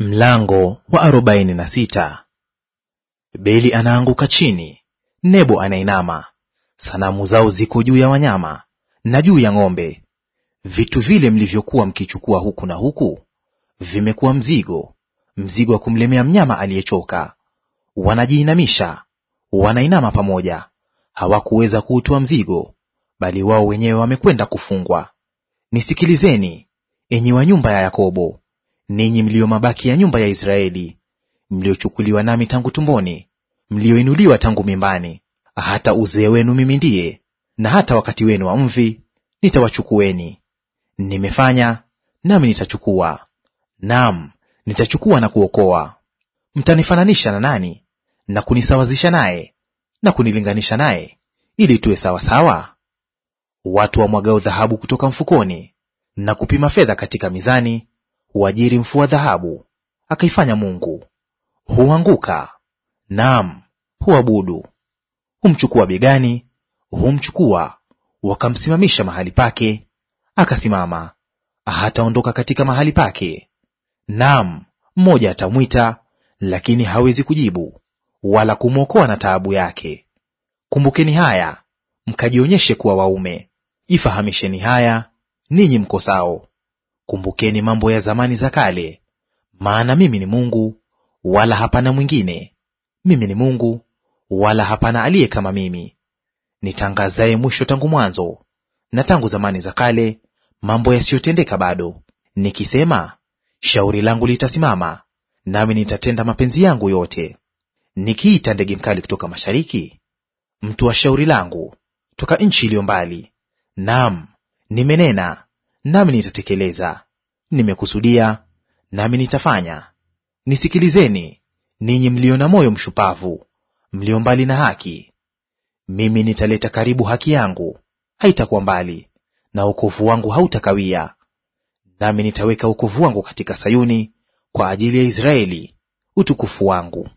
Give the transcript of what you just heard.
Mlango wa arobaini na sita. Beli anaanguka chini, Nebo anainama. Sanamu zao ziko juu ya wanyama na juu ya ng'ombe. Vitu vile mlivyokuwa mkichukua huku na huku vimekuwa mzigo, mzigo wa kumlemea mnyama aliyechoka. Wanajiinamisha, wanainama pamoja, hawakuweza kuutoa mzigo, bali wao wenyewe wamekwenda kufungwa. Nisikilizeni, enyi wa nyumba ya Yakobo, ninyi mlio mabaki ya nyumba ya Israeli, mliochukuliwa nami tangu tumboni, mlioinuliwa tangu mimbani, hata uzee wenu mimi ndiye, na hata wakati wenu wa mvi nitawachukueni. Nimefanya nami nitachukua, naam, nitachukua na kuokoa. Mtanifananisha na nani, na kunisawazisha naye, na kunilinganisha naye, ili tuwe sawasawa? Watu wamwagao dhahabu kutoka mfukoni, na kupima fedha katika mizani huajiri mfua dhahabu akaifanya mungu; huanguka, naam, huabudu. Humchukua begani, humchukua, wakamsimamisha mahali pake, akasimama; hataondoka katika mahali pake. Naam, mmoja atamwita, lakini hawezi kujibu, wala kumwokoa na taabu yake. Kumbukeni haya, mkajionyeshe kuwa waume; jifahamisheni haya, ninyi mkosao kumbukeni mambo ya zamani za kale, maana mimi ni Mungu wala hapana mwingine; mimi ni Mungu wala hapana aliye kama mimi, nitangazaye mwisho tangu mwanzo, na tangu zamani za kale mambo yasiyotendeka bado, nikisema, shauri langu litasimama, nami nitatenda mapenzi yangu yote. Nikiita ndege mkali kutoka mashariki, mtu wa shauri langu toka nchi iliyo mbali, naam, nimenena nami nitatekeleza; nimekusudia, nami nitafanya. Nisikilizeni, ninyi mlio na moyo mshupavu, mlio mbali na haki; mimi nitaleta karibu haki yangu, haitakuwa mbali, na wokovu wangu hautakawia. Nami nitaweka wokovu wangu katika Sayuni, kwa ajili ya Israeli utukufu wangu.